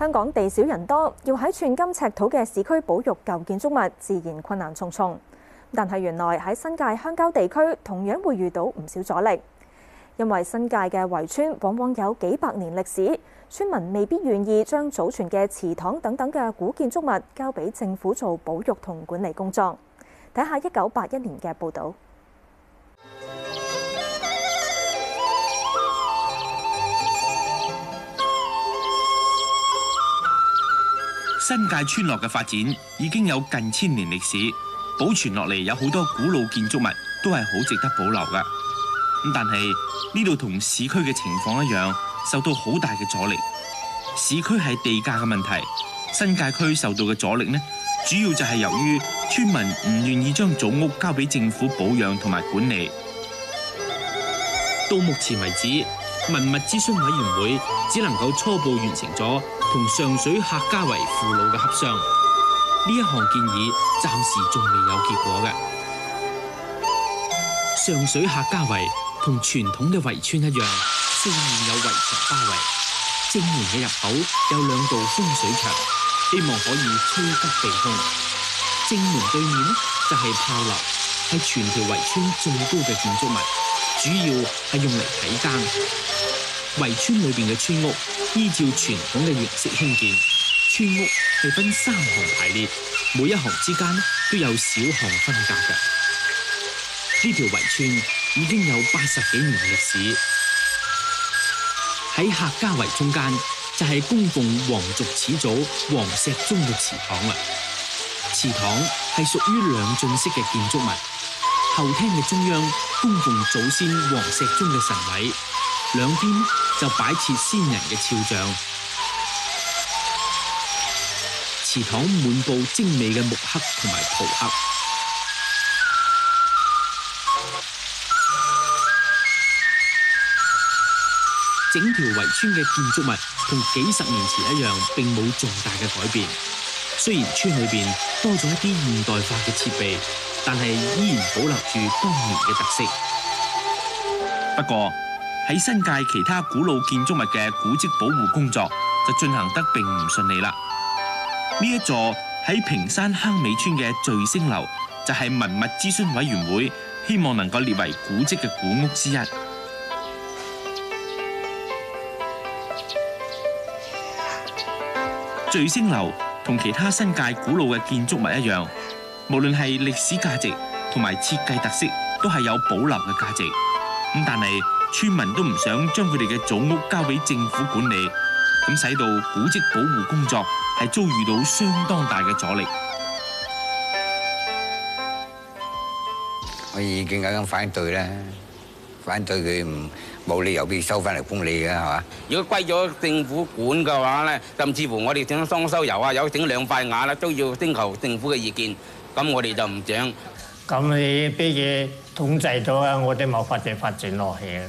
香港地少人多，要喺寸金尺土嘅市區保育舊建築物，自然困難重重。但係原來喺新界鄉郊地區同樣會遇到唔少阻力，因為新界嘅圍村往往有幾百年歷史，村民未必願意將祖傳嘅祠堂等等嘅古建築物交俾政府做保育同管理工作。睇下一九八一年嘅報道。新界村落嘅發展已經有近千年歷史，保存落嚟有好多古老建築物都係好值得保留噶。但係呢度同市區嘅情況一樣，受到好大嘅阻力。市區係地價嘅問題，新界區受到嘅阻力呢，主要就係由於村民唔願意將祖屋交俾政府保養同埋管理。到目前為止，文物諮詢委員會只能夠初步完成咗同上水客家圍父老嘅合商，呢一項建議暫時仲未有結果嘅。上水客家圍同傳統嘅圍村一樣，四面有圍牆包圍，正門嘅入口有兩道風水牆，希望可以趨吉避凶。正門對面就係炮樓，係全條圍村最高嘅建築物。主要係用嚟睇更。圍村裏邊嘅村屋依照傳統嘅形式興建，村屋係分三行排列，每一行之間都有小行分隔嘅。呢條圍村已經有八十幾年歷史。喺客家圍中間就係供奉黃族始祖黃石宗嘅祠堂啦。祠堂係屬於兩進式嘅建築物，後廳嘅中央供奉祖先黃石中嘅神位，兩邊就擺設先人嘅肖像，祠堂滿布精美嘅木刻同埋陶刻，整條圍村嘅建築物同幾十年前一樣，並冇重大嘅改變。雖然村裏邊多咗一啲現代化嘅設備，但係依然保留住當年嘅特色。不過喺新界其他古老建築物嘅古蹟保護工作就進行得並唔順利啦。呢一座喺屏山坑尾村嘅聚星樓，就係文物諮詢委員會希望能夠列為古蹟嘅古屋之一。聚星樓，同其他新界古老嘅建築物一樣，無論係歷史價值同埋設計特色，都係有保留嘅價值。咁但係村民都唔想將佢哋嘅祖屋交俾政府管理，咁使到古蹟保護工作係遭遇到相當大嘅阻力。我已經咁反對啦。反對佢唔冇理由俾收翻嚟封你嘅係嘛？如果歸咗政府管嘅話咧，甚至乎我哋整裝修油啊，有整兩塊瓦啦，都要徵求政府嘅意見。咁我哋就唔整。咁你俾佢統制咗啊，我哋冇法子發展落去。